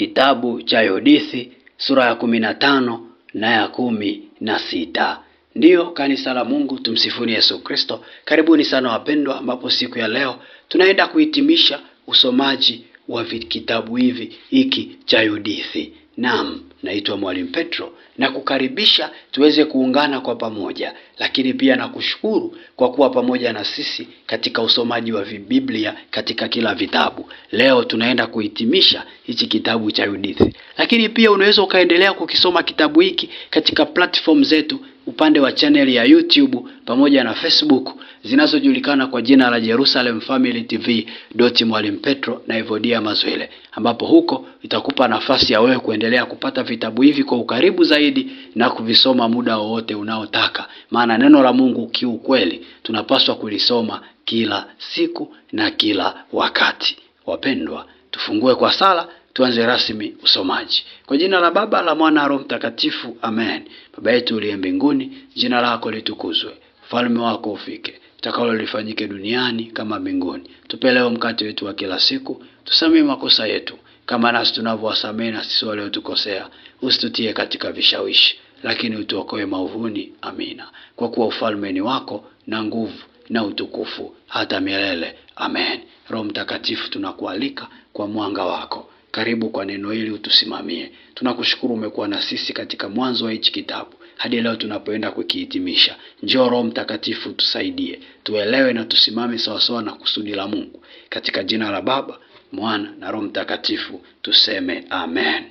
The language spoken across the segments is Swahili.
kitabu cha Yudithi sura ya kumi na tano na ya kumi na sita. Ndiyo kanisa la Mungu, tumsifuni Yesu Kristo. Karibuni sana wapendwa, ambapo siku ya leo tunaenda kuhitimisha usomaji wa kitabu hivi hiki cha Yudithi. Naam, naitwa Mwalimu Petro na kukaribisha tuweze kuungana kwa pamoja, lakini pia nakushukuru kwa kuwa pamoja na sisi katika usomaji wa Biblia katika kila vitabu. Leo tunaenda kuhitimisha hichi kitabu cha Yudithi, lakini pia unaweza ukaendelea kukisoma kitabu hiki katika platform zetu upande wa chaneli ya YouTube pamoja na Facebook zinazojulikana kwa jina la Jerusalem Family TV doti Mwalimu Petro na Evodia Mazwile, ambapo huko itakupa nafasi ya wewe kuendelea kupata vitabu hivi kwa ukaribu zaidi na kuvisoma muda wowote unaotaka, maana neno la Mungu kiukweli tunapaswa kulisoma kila siku na kila wakati. Wapendwa, tufungue kwa sala tuanze rasmi usomaji. Kwa jina la Baba la Mwana Roho Mtakatifu, amen. Baba yetu uliye mbinguni, jina lako litukuzwe, ufalme wako ufike, utakalo lifanyike duniani kama mbinguni. Tupe leo mkate wetu wa kila siku, tusamehe makosa yetu kama nasi tunavyowasamehe na sisi waliotukosea, usitutie katika vishawishi, lakini utuokoe maovuni. Amina. Kwa kuwa ufalme ni wako na nguvu na utukufu hata milele. Amen. Roho Mtakatifu, tunakualika kwa mwanga wako karibu kwa neno hili utusimamie. Tunakushukuru umekuwa na sisi katika mwanzo wa hichi kitabu hadi leo tunapoenda kukihitimisha. Njoo Roho Mtakatifu tusaidie, tuelewe na tusimame sawasawa na kusudi la Mungu, katika jina la Baba, Mwana na Roho Mtakatifu tuseme amen.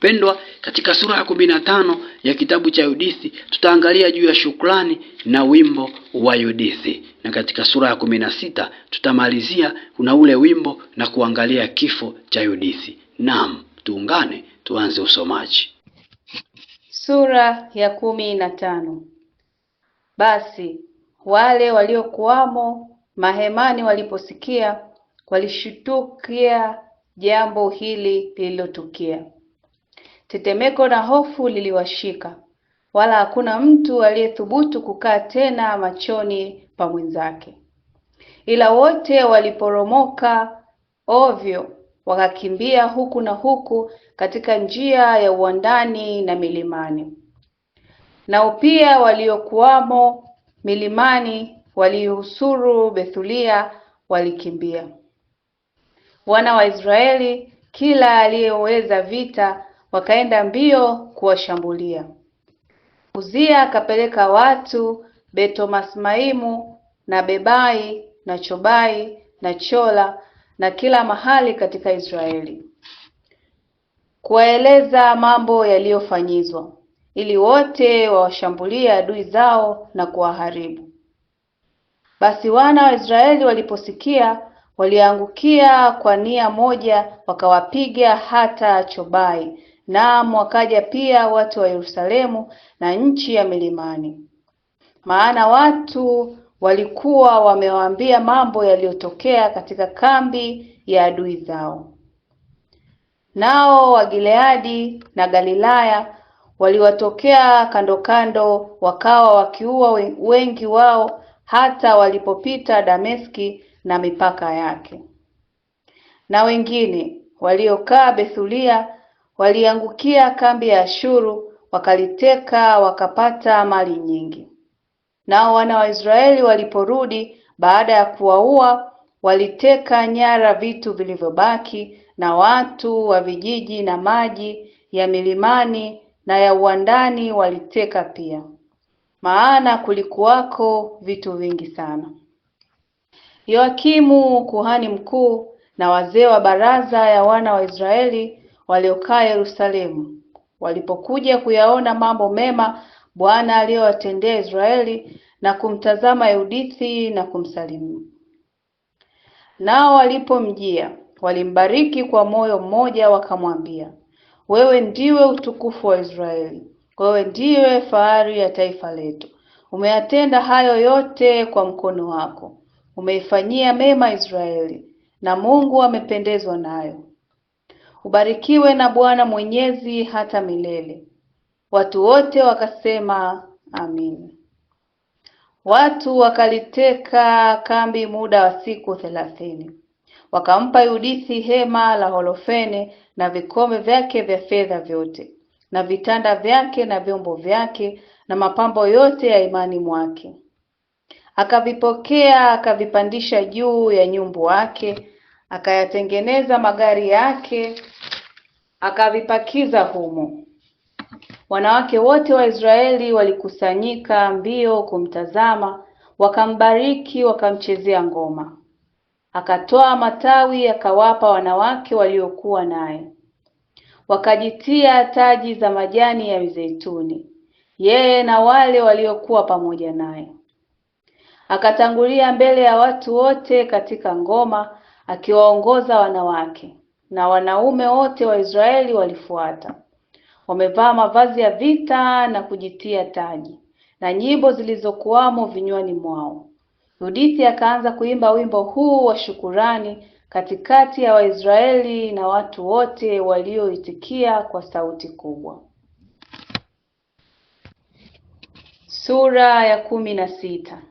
Pendwa, katika sura ya kumi na tano ya kitabu cha Yudithi tutaangalia juu ya shukrani na wimbo wa Yudithi, na katika sura ya kumi na sita tutamalizia kuna ule wimbo na kuangalia kifo cha Yudithi. Naam, tuungane tuanze usomaji. Sura ya kumi na tano. Basi wale waliokuwamo mahemani waliposikia walishutukia jambo hili lililotukia Tetemeko na hofu liliwashika, wala hakuna mtu aliyethubutu kukaa tena machoni pa mwenzake, ila wote waliporomoka ovyo wakakimbia huku na huku katika njia ya uwandani na milimani. Nao pia waliokuwamo milimani waliohusuru Bethulia walikimbia. Wana wa Israeli, kila aliyeweza vita wakaenda mbio kuwashambulia. Uzia akapeleka watu Betomasmaimu na Bebai na Chobai na Chola na kila mahali katika Israeli kuwaeleza mambo yaliyofanyizwa, ili wote wawashambulie adui zao na kuwaharibu. Basi wana wa Israeli waliposikia, waliangukia kwa nia moja, wakawapiga hata Chobai naam wakaja pia watu wa Yerusalemu na nchi ya milimani. Maana watu walikuwa wamewaambia mambo yaliyotokea katika kambi ya adui zao. Nao Wagileadi na Galilaya waliwatokea kando kando, wakawa wakiua wengi wao, hata walipopita Dameski na mipaka yake. Na wengine waliokaa Bethulia waliangukia kambi ya Ashuru, wakaliteka wakapata mali nyingi. Nao wana wa Israeli waliporudi baada ya kuwaua, waliteka nyara vitu vilivyobaki na watu wa vijiji na maji ya milimani na ya uwandani waliteka pia, maana kulikuwako vitu vingi sana. Yoakimu kuhani mkuu na wazee wa baraza ya wana wa Israeli waliokaa Yerusalemu. Walipokuja kuyaona mambo mema Bwana aliyowatendea Israeli na kumtazama Yudithi na kumsalimu. Nao walipomjia walimbariki kwa moyo mmoja, wakamwambia, wewe ndiwe utukufu wa Israeli, wewe ndiwe fahari ya taifa letu. Umeyatenda hayo yote kwa mkono wako, umeifanyia mema Israeli, na Mungu amependezwa nayo. Ubarikiwe na Bwana Mwenyezi hata milele. Watu wote wakasema amin. Watu wakaliteka kambi muda wa siku thelathini. Wakampa Yudithi hema la Holofene na vikombe vyake vya fedha vyote na vitanda vyake na vyombo vyake na mapambo yote ya imani mwake. Akavipokea akavipandisha juu ya nyumbu wake, akayatengeneza magari yake akavipakiza humo. Wanawake wote wa Israeli walikusanyika mbio kumtazama, wakambariki, wakamchezea ngoma. Akatoa matawi akawapa wanawake waliokuwa naye, wakajitia taji za majani ya mizeituni, yeye na wale waliokuwa pamoja naye. Akatangulia mbele ya watu wote katika ngoma, akiwaongoza wanawake na wanaume wote Waisraeli walifuata. Wamevaa mavazi ya vita na kujitia taji, na nyimbo zilizokuwamo vinywani mwao. Yudithi akaanza kuimba wimbo huu wa shukurani katikati ya Waisraeli na watu wote walioitikia kwa sauti kubwa. Sura ya kumi na sita.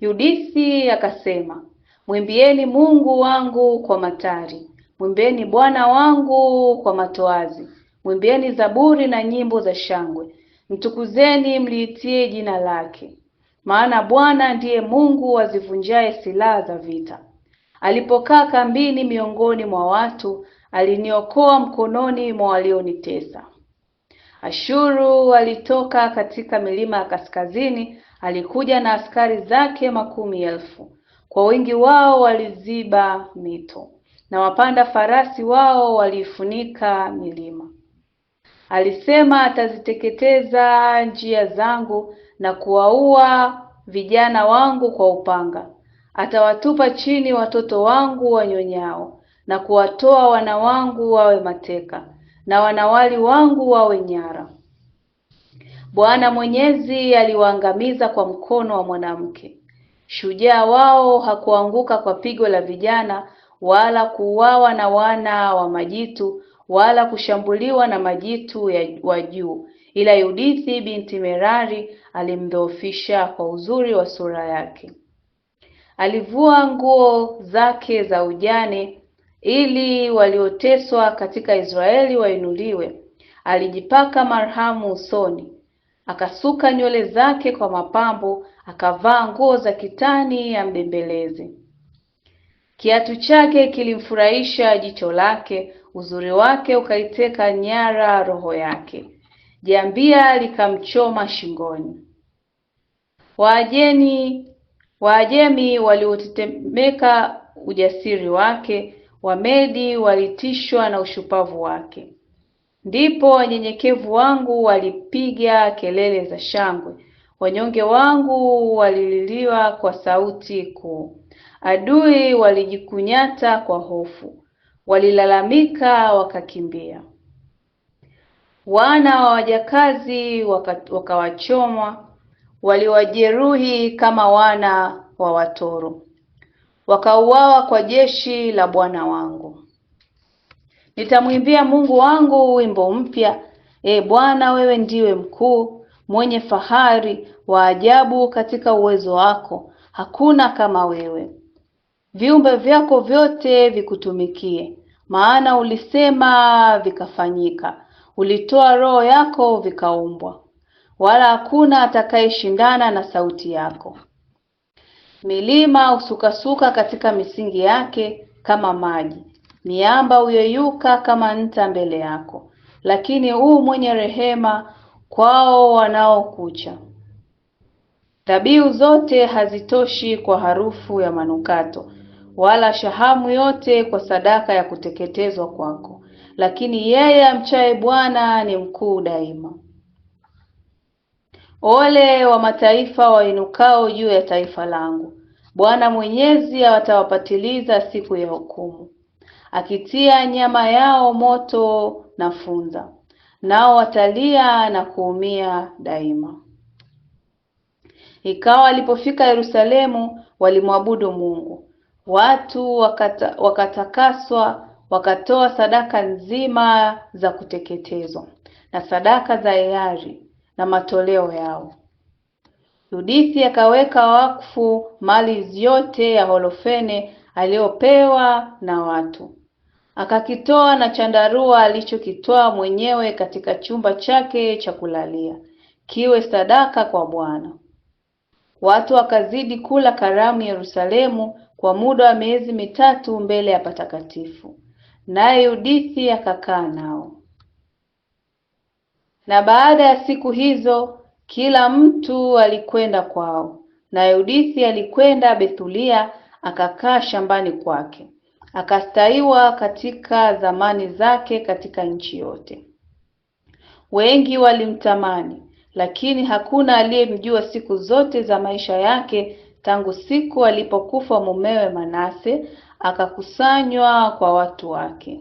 Yudithi akasema, mwimbieni Mungu wangu kwa matari, Mwimbeni Bwana wangu kwa matoazi, mwimbieni zaburi na nyimbo za shangwe, mtukuzeni mliitie jina lake. Maana Bwana ndiye Mungu azivunjaye silaha za vita. Alipokaa kambini miongoni mwa watu, aliniokoa mkononi mwa walionitesa. Ashuru alitoka katika milima ya kaskazini, alikuja na askari zake makumi elfu, kwa wingi wao waliziba mito na wapanda farasi wao waliifunika milima. Alisema ataziteketeza njia zangu na kuwaua vijana wangu kwa upanga. Atawatupa chini watoto wangu wanyonyao na kuwatoa wana wangu wawe mateka na wanawali wangu wawe nyara. Bwana Mwenyezi aliwaangamiza kwa mkono wa mwanamke. Shujaa wao hakuanguka kwa pigo la vijana wala kuuawa na wana wa majitu wala kushambuliwa na majitu wa juu, ila Yudithi binti Merari alimdhoofisha kwa uzuri wa sura yake. Alivua nguo zake za ujane ili walioteswa katika Israeli wainuliwe. Alijipaka marhamu usoni, akasuka nywele zake kwa mapambo, akavaa nguo za kitani ya mbembelezi. Kiatu chake kilimfurahisha jicho lake, uzuri wake ukaiteka nyara roho yake. Jambia likamchoma shingoni. Waajemi, Waajemi waliotetemeka ujasiri wake, Wamedi walitishwa na ushupavu wake. Ndipo wanyenyekevu wangu walipiga kelele za shangwe, wanyonge wangu walililiwa kwa sauti kuu. Adui walijikunyata kwa hofu, walilalamika wakakimbia. Wana wa wajakazi wakawachomwa, waka waliwajeruhi kama wana wa watoro, wakauawa kwa jeshi la Bwana wangu. Nitamwimbia Mungu wangu wimbo mpya. E Bwana, wewe ndiwe mkuu, mwenye fahari wa ajabu katika uwezo wako, hakuna kama wewe viumbe vyako vyote vikutumikie, maana ulisema vikafanyika, ulitoa roho yako vikaumbwa, wala hakuna atakayeshindana na sauti yako. Milima husukasuka katika misingi yake kama maji, miamba huyeyuka kama nta mbele yako, lakini huu mwenye rehema kwao wanaokucha. Dhabihu zote hazitoshi kwa harufu ya manukato, wala shahamu yote kwa sadaka ya kuteketezwa kwako, lakini yeye amchaye Bwana ni mkuu daima. Ole wa mataifa wainukao juu ya taifa langu! Bwana Mwenyezi atawapatiliza siku ya hukumu, akitia nyama yao moto na funza, nao watalia na kuumia daima. Ikawa alipofika Yerusalemu, walimwabudu Mungu Watu wakata, wakatakaswa wakatoa sadaka nzima za kuteketezwa na sadaka za hiari na matoleo yao. Yudithi akaweka wakfu mali zote ya Holofene aliyopewa na watu, akakitoa na chandarua alichokitoa mwenyewe katika chumba chake cha kulalia kiwe sadaka kwa Bwana. Watu wakazidi kula karamu Yerusalemu kwa muda wa miezi mitatu mbele ya patakatifu, naye Yudithi akakaa nao. Na baada ya siku hizo kila mtu alikwenda kwao, na Yudithi alikwenda Bethulia akakaa shambani kwake, akastaiwa katika zamani zake katika nchi yote. Wengi walimtamani, lakini hakuna aliyemjua siku zote za maisha yake tangu siku alipokufa mumewe Manase, akakusanywa kwa watu wake.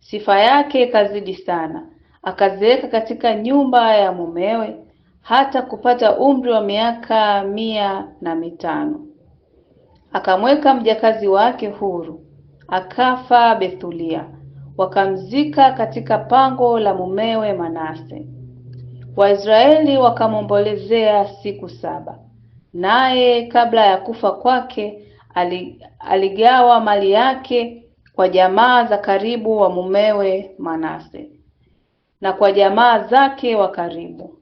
Sifa yake ikazidi sana, akazeeka katika nyumba ya mumewe, hata kupata umri wa miaka mia na mitano. Akamweka mjakazi wake huru, akafa Bethulia, wakamzika katika pango la mumewe Manase. Waisraeli wakamwombolezea siku saba. Naye kabla ya kufa kwake aligawa mali yake kwa jamaa za karibu wa mumewe Manase na kwa jamaa zake wa karibu.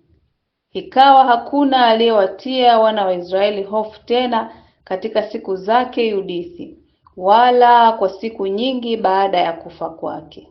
Ikawa hakuna aliyewatia wana wa Israeli hofu tena katika siku zake Yudithi, wala kwa siku nyingi baada ya kufa kwake.